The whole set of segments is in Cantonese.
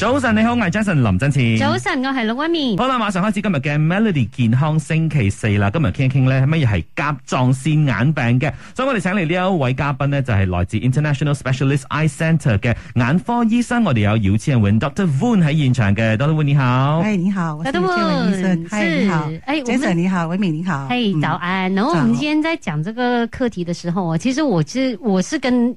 早晨，你好，我係 Jason，林振前。早晨，我係陸威面。好啦，馬上開始今日嘅 Melody 健康星期四啦。今日傾一傾咧，乜嘢係甲狀腺眼病嘅？所以我哋請嚟呢一位嘉賓呢，就係、是、來自 International Specialist Eye Centre 嘅眼科醫生。我哋有尤倩雯 Doctor Wu 喺現場嘅，Doctor Wu 你好。誒，你好，我係尤倩雯醫生。你好 Jason 你好，我 oon, hey, 你好。Hey, Jason, 好 hey, 早安。然後，我們今天在講這個課題的時候其實我知，我是跟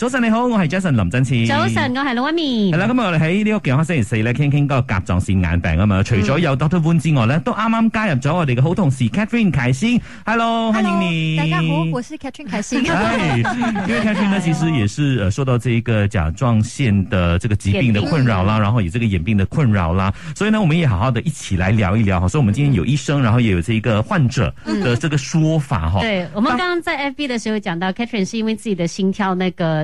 早晨你好，我係 Jason 林振賜。早晨，我係老一面。係啦，今日，天日我哋喺呢個健康星期四咧，傾傾個甲狀腺眼病啊嘛。除咗有 Doctor Wan 之外咧，都啱啱加入咗我哋一個好同事 Catherine 凱欣。Hello，歡迎你。大家好，我是 Catherine 凱欣。因為 Catherine 呢，其實也是誒、呃、受到這個甲狀腺的這個疾病的困擾啦，嗯、然後有這個眼病的困擾啦，所以呢，我們也好好的一起來聊一聊。所以，我們今天有醫生，嗯、然後也有這一個患者的這個說法哈。嗯、對，我們剛剛在 FB 的時候講到，Catherine 是因為自己的心跳那個。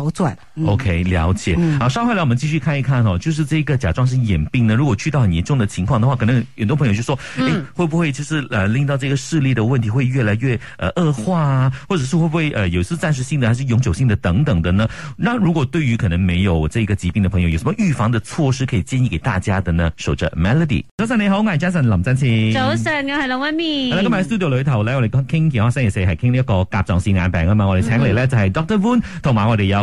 好轉，OK，了解。好，稍後來我們繼續看一看哦，就是這個甲狀腺眼病呢，如果去到很嚴重的情況的話，可能很多朋友就說，誒，會不會就是呃令到這個視力的問題會越來越呃惡化啊？或者是會不會呃有是暫時性的還是永久性的等等的呢？那如果對於可能沒有這個疾病的朋友，有什麼預防的措施可以建議給大家的呢？守着 Melody，早上你好，我係 Jason 林振清。早上我係龍媽咪。嗱，今日喺 studio 裏頭咧，我哋講，傾嘅我星期四係傾呢一個甲狀腺眼病啊嘛，我哋請嚟咧就係 Doctor Wu，同埋我哋有。